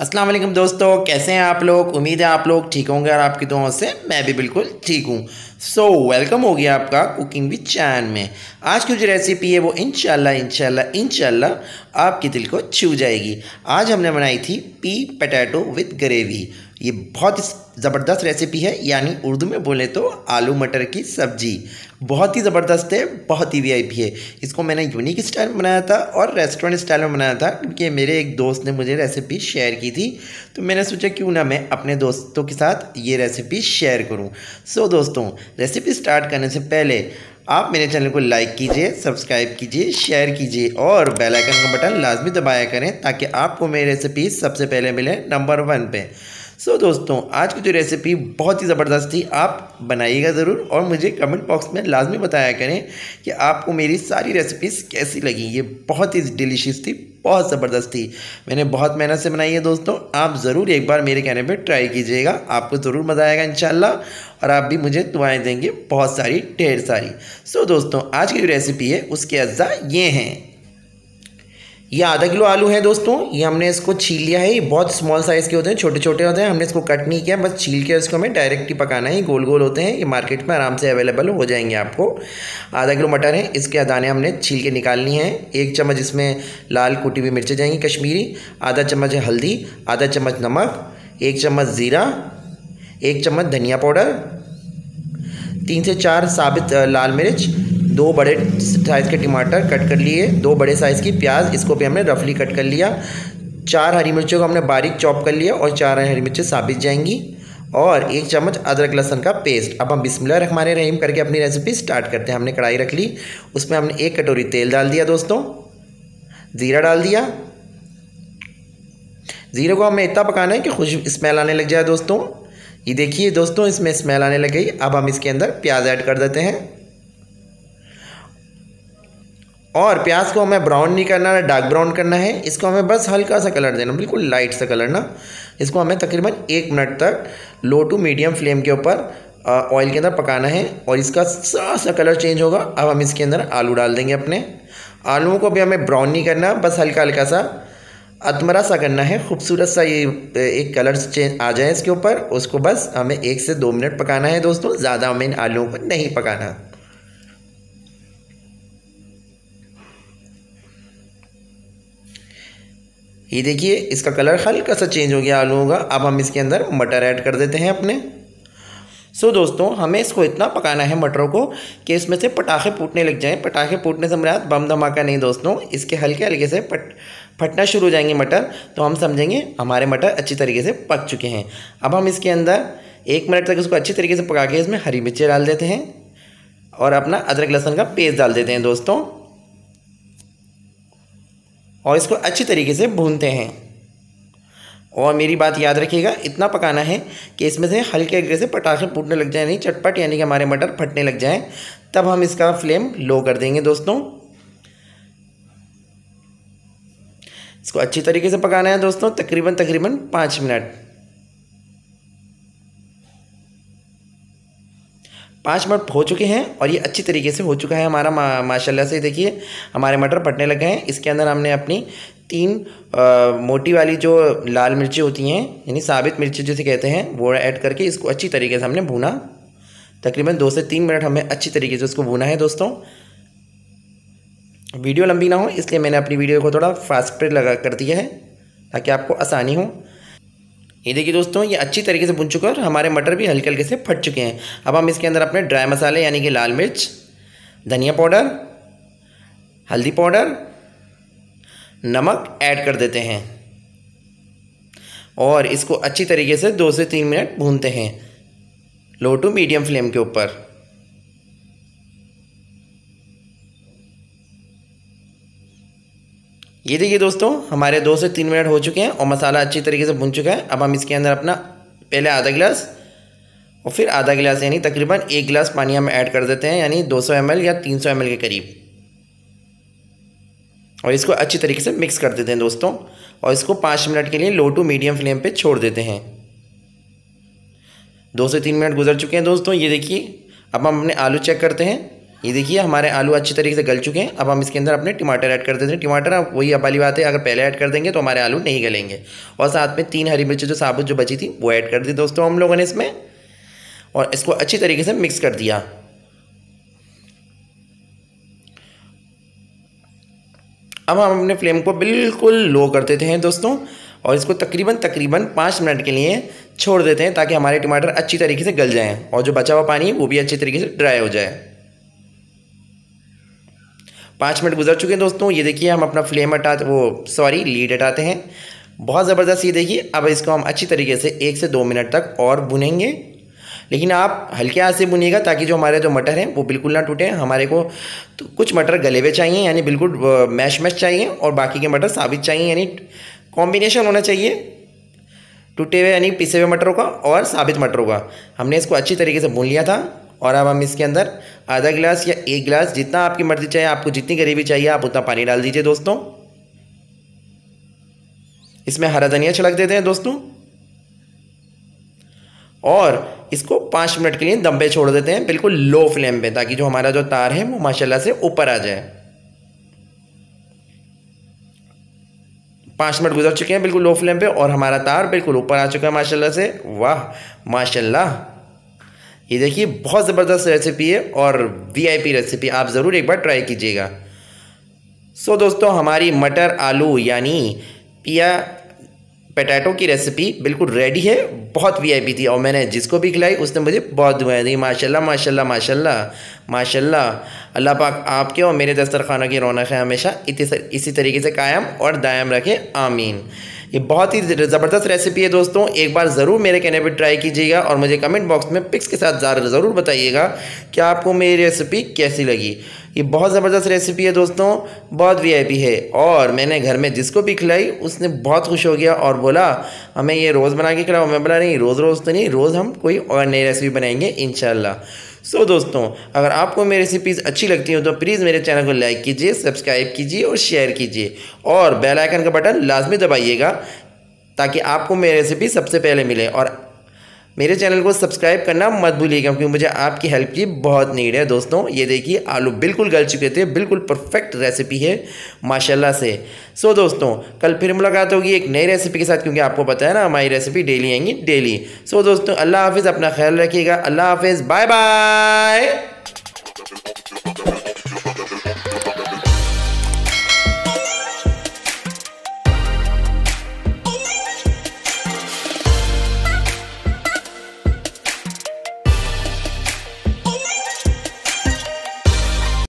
असलम दोस्तों कैसे हैं आप लोग उम्मीद है आप लोग ठीक होंगे और आपकी दुआओं से मैं भी बिल्कुल ठीक हूँ सो so, वेलकम हो गया आपका कुकिंग विद चैन में आज की जो रेसिपी है वो इनशाला इनशाला इनशाला आपके दिल को छू जाएगी आज हमने बनाई थी पी पटैटो विद ग्रेवी ये बहुत ज़बरदस्त रेसिपी है यानी उर्दू में बोले तो आलू मटर की सब्ज़ी बहुत ही ज़बरदस्त है बहुत ही वीआईपी है इसको मैंने यूनिक स्टाइल में बनाया था और रेस्टोरेंट स्टाइल में बनाया था क्योंकि मेरे एक दोस्त ने मुझे रेसिपी शेयर की थी तो मैंने सोचा क्यों ना मैं अपने दोस्तों के साथ ये रेसिपी शेयर करूँ सो दोस्तों रेसिपी स्टार्ट करने से पहले आप मेरे चैनल को लाइक कीजिए सब्सक्राइब कीजिए शेयर कीजिए और बेल आइकन का बटन लाजमी दबाया करें ताकि आपको मेरी रेसिपी सबसे पहले मिले नंबर वन पे सो so, दोस्तों आज की जो रेसिपी बहुत ही ज़बरदस्त थी आप बनाइएगा ज़रूर और मुझे कमेंट बॉक्स में लाजमी बताया करें कि आपको मेरी सारी रेसिपीज़ कैसी लगी ये बहुत ही डिलीशियस थी बहुत ज़बरदस्त थी मैंने बहुत मेहनत से बनाई है दोस्तों आप ज़रूर एक बार मेरे कहने पे ट्राई कीजिएगा आपको ज़रूर मज़ा आएगा इन और आप भी मुझे दुआएँ देंगे बहुत सारी ढेर सारी सो so, दोस्तों आज की जो रेसिपी है उसके अज्जा ये हैं ये आधा किलो आलू है दोस्तों ये हमने इसको छील लिया है ये बहुत स्मॉल साइज़ के होते हैं छोटे छोटे होते हैं हमने इसको कट नहीं किया बस छील के इसको हमें डायरेक्ट ही पकाना है ये गोल गोल होते हैं ये मार्केट में आराम से अवेलेबल हो जाएंगे आपको आधा किलो मटर है इसके दाने हमने छील के निकालनी है एक चम्मच इसमें लाल कुटी हुई मिर्चें जाएंगी कश्मीरी आधा चम्मच हल्दी आधा चम्मच नमक एक चम्मच ज़ीरा एक चम्मच धनिया पाउडर तीन से चार साबित लाल मिर्च दो बड़े साइज़ के टमाटर कट कर लिए दो बड़े साइज़ की प्याज इसको भी हमने रफली कट कर लिया चार हरी मिर्चों को हमने बारीक चॉप कर लिया और चार हरी मिर्चें साबित जाएंगी और एक चम्मच अदरक लहसन का पेस्ट अब हम बिस्मिल्लाह रहमान रहीम करके अपनी रेसिपी स्टार्ट करते हैं हमने कढ़ाई रख ली उसमें हमने एक कटोरी तेल डाल दिया दोस्तों ज़ीरा डाल दिया ज़ीरे को हमें इतना पकाना है कि खुश स्मेल आने लग जाए दोस्तों ये देखिए दोस्तों इसमें स्मेल आने लग गई अब हम इसके अंदर प्याज ऐड कर देते हैं और प्याज को हमें ब्राउन नहीं करना है डार्क ब्राउन करना है इसको हमें बस हल्का सा कलर देना बिल्कुल लाइट सा कलर ना इसको हमें तकरीबन एक मिनट तक लो टू मीडियम फ्लेम के ऊपर ऑयल के अंदर पकाना है और इसका सा सा कलर चेंज होगा अब हम इसके अंदर आलू डाल देंगे अपने आलूओं को भी हमें ब्राउन नहीं करना बस हल्का हल्का सा अतमरा सा करना है खूबसूरत सा ये एक कलर चेंज आ जाए इसके ऊपर उसको बस हमें एक से दो मिनट पकाना है दोस्तों ज़्यादा हमें इन आलूओं को नहीं पकाना ये देखिए इसका कलर हल्का सा चेंज हो गया आलूओं का अब हम इसके अंदर मटर ऐड कर देते हैं अपने सो so, दोस्तों हमें इसको इतना पकाना है मटरों को कि इसमें से पटाखे फूटने लग जाएं पटाखे फूटने से हमारा बम धमाका नहीं दोस्तों इसके हल्के हल्के से पट फटना शुरू हो जाएंगे मटर तो हम समझेंगे हमारे मटर अच्छी तरीके से पक चुके हैं अब हम इसके अंदर एक मिनट तक इसको अच्छी तरीके से पका के इसमें हरी मिर्ची डाल देते हैं और अपना अदरक लहसुन का पेस्ट डाल देते हैं दोस्तों और इसको अच्छी तरीके से भूनते हैं और मेरी बात याद रखिएगा इतना पकाना है कि इसमें से हल्के हल्के से पटाखे फूटने लग जाए नहीं चटपट यानी कि हमारे मटर फटने लग जाएँ तब हम इसका फ्लेम लो कर देंगे दोस्तों इसको अच्छी तरीके से पकाना है दोस्तों तकरीबन तकरीबन पाँच मिनट पाँच मिनट हो चुके हैं और ये अच्छी तरीके से हो चुका है हमारा मा माशाल्लाह से देखिए हमारे मटर पटने लग गए हैं इसके अंदर हमने अपनी तीन आ, मोटी वाली जो लाल मिर्ची होती हैं यानी साबित मिर्ची जिसे कहते हैं वो ऐड करके इसको अच्छी तरीके से हमने भूना तकरीबन दो से तीन मिनट हमें अच्छी तरीके से उसको भूना है दोस्तों वीडियो लंबी ना हो इसलिए मैंने अपनी वीडियो को थोड़ा फास्ट पर लगा कर दिया है ताकि आपको आसानी हो ये देखिए दोस्तों ये अच्छी तरीके से भुन चुका है और हमारे मटर भी हल्के हल्के से फट चुके हैं अब हम इसके अंदर अपने ड्राई मसाले यानी कि लाल मिर्च धनिया पाउडर हल्दी पाउडर नमक ऐड कर देते हैं और इसको अच्छी तरीके से दो से तीन मिनट भूनते हैं लो टू मीडियम फ्लेम के ऊपर ये देखिए दोस्तों हमारे दो से तीन मिनट हो चुके हैं और मसाला अच्छी तरीके से भुन चुका है अब हम इसके अंदर अपना पहले आधा गिलास और फिर आधा गिलास यानी तकरीबन एक गिलास पानी हम ऐड कर देते हैं यानी 200 सौ या 300 सौ के करीब और इसको अच्छी तरीके से मिक्स कर देते हैं दोस्तों और इसको पाँच मिनट के लिए लो टू मीडियम फ्लेम पर छोड़ देते हैं दो से तीन मिनट गुजर चुके हैं दोस्तों ये देखिए अब हम अपने आलू चेक करते हैं ये देखिए हमारे आलू अच्छी तरीके से गल चुके हैं अब हम इसके अंदर अपने टमाटर ऐड कर देते हैं टमाटर अब वही अब वाली बात है अगर पहले ऐड कर देंगे तो हमारे आलू नहीं गलेंगे और साथ में तीन हरी मिर्च जो साबुत जो बची थी वो ऐड कर दी दोस्तों हम लोगों ने इसमें और इसको अच्छी तरीके से मिक्स कर दिया अब हम अपने फ्लेम को बिल्कुल लो कर देते हैं दोस्तों और इसको तकरीबन तकरीबन पाँच मिनट के लिए छोड़ देते हैं ताकि हमारे टमाटर अच्छी तरीके से गल जाएँ और जो बचा हुआ पानी है वो भी अच्छी तरीके से ड्राई हो जाए पाँच मिनट गुजर चुके हैं दोस्तों ये देखिए हम अपना फ्लेम हटाते वो सॉरी लीड हटाते हैं बहुत ज़बरदस्त ये देखिए अब इसको हम अच्छी तरीके से एक से दो मिनट तक और भुनेंगे लेकिन आप हल्के हाथ से बुनिएगा ताकि जो हमारे जो मटर हैं वो बिल्कुल ना टूटें हमारे को तो कुछ मटर गले हुए चाहिए यानी बिल्कुल मैश मैश चाहिए और बाकी के मटर साबित चाहिए यानी कॉम्बिनेशन होना चाहिए टूटे हुए यानी पिसे हुए मटरों का और साबित मटरों का हमने इसको अच्छी तरीके से भून लिया था और अब हम इसके अंदर आधा गिलास या एक गिलास जितना आपकी मर्ज़ी चाहिए आपको जितनी ग्रेवी चाहिए आप उतना पानी डाल दीजिए दोस्तों इसमें हरा धनिया छिड़क देते हैं दोस्तों और इसको पाँच मिनट के लिए दम पे छोड़ देते हैं बिल्कुल लो फ्लेम पे ताकि जो हमारा जो तार है वो माशाल्लाह से ऊपर आ जाए पाँच मिनट गुजर चुके हैं बिल्कुल लो फ्लेम पे और हमारा तार बिल्कुल ऊपर आ चुका है माशाल्लाह से वाह माशाल्लाह ये देखिए बहुत ज़बरदस्त रेसिपी है और वीआईपी रेसिपी आप ज़रूर एक बार ट्राई कीजिएगा सो so, दोस्तों हमारी मटर आलू यानी पिया पटैटो की रेसिपी बिल्कुल रेडी है बहुत वीआईपी थी और मैंने जिसको भी खिलाई उसने मुझे बहुत दुआएं दी माशाल्लाह माशाल्लाह माशाल्लाह माशाल्लाह अल्लाह पाक आपके और मेरे दस्तरखानों की रौनक है हमेशा इसी तरीके से कायम और दायम रखें आमीन ये बहुत ही ज़बरदस्त रेसिपी है दोस्तों एक बार ज़रूर मेरे कहने पर ट्राई कीजिएगा और मुझे कमेंट बॉक्स में पिक्स के साथ ज़रूर बताइएगा कि आपको मेरी रेसिपी कैसी लगी ये बहुत ज़बरदस्त रेसिपी है दोस्तों बहुत वीआईपी है और मैंने घर में जिसको भी खिलाई उसने बहुत खुश हो गया और बोला हमें ये रोज़ बना के खिलाओ मैं बना नहीं रोज़ रोज़ तो नहीं रोज़ हम कोई और नई रेसिपी बनाएंगे इन सो so, दोस्तों अगर आपको मेरी रेसिपीज़ अच्छी लगती हो तो प्लीज़ मेरे चैनल को लाइक कीजिए सब्सक्राइब कीजिए और शेयर कीजिए और बेल आइकन का बटन लाजमी दबाइएगा ताकि आपको मेरी रेसिपी सबसे पहले मिले और मेरे चैनल को सब्सक्राइब करना मत भूलिएगा क्योंकि मुझे आपकी हेल्प की बहुत नीड है दोस्तों ये देखिए आलू बिल्कुल गल चुके थे बिल्कुल परफेक्ट रेसिपी है माशाल्लाह से सो दोस्तों कल फिर मुलाकात होगी एक नई रेसिपी के साथ क्योंकि आपको पता है ना हमारी रेसिपी डेली आएंगी डेली सो दोस्तों अल्लाह हाफिज़ अपना ख्याल रखिएगा अल्लाह हाफिज़ बाय बाय